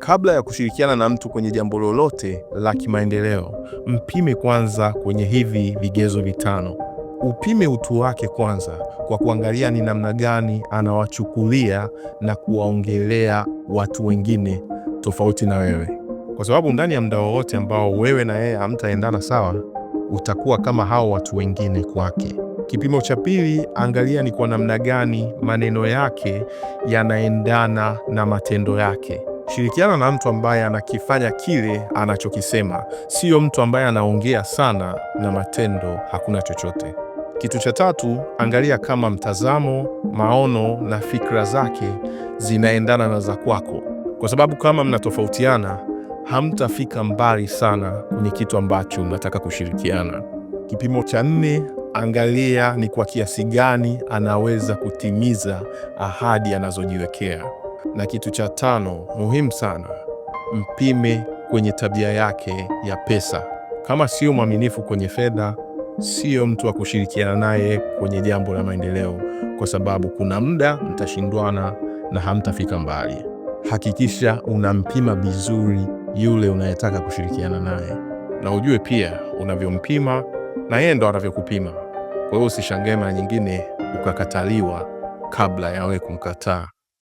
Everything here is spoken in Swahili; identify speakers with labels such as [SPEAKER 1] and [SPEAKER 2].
[SPEAKER 1] Kabla ya kushirikiana na mtu kwenye jambo lolote la kimaendeleo, mpime kwanza kwenye hivi vigezo vitano. Upime utu wake kwanza kwa kuangalia ni namna gani anawachukulia na kuwaongelea watu wengine tofauti na wewe, kwa sababu ndani ya muda wowote ambao wewe na yeye hamtaendana sawa, utakuwa kama hao watu wengine kwake. Kipimo cha pili, angalia ni kwa namna gani maneno yake yanaendana na matendo yake. Shirikiana na mtu ambaye anakifanya kile anachokisema, sio mtu ambaye anaongea sana na matendo hakuna chochote. Kitu cha tatu, angalia kama mtazamo, maono na fikra zake zinaendana na za kwako, kwa sababu kama mnatofautiana, hamtafika mbali sana kwenye kitu ambacho mnataka kushirikiana. Kipimo cha nne, angalia ni kwa kiasi gani anaweza kutimiza ahadi anazojiwekea. Na kitu cha tano muhimu sana, mpime kwenye tabia yake ya pesa. Kama sio mwaminifu kwenye fedha, sio mtu wa kushirikiana naye kwenye jambo la maendeleo, kwa sababu kuna muda mtashindwana na hamtafika mbali. Hakikisha unampima vizuri yule unayetaka kushirikiana naye, na ujue pia unavyompima na yeye ndo anavyokupima. Kwa hiyo usishangae mara nyingine ukakataliwa kabla ya wewe kumkataa.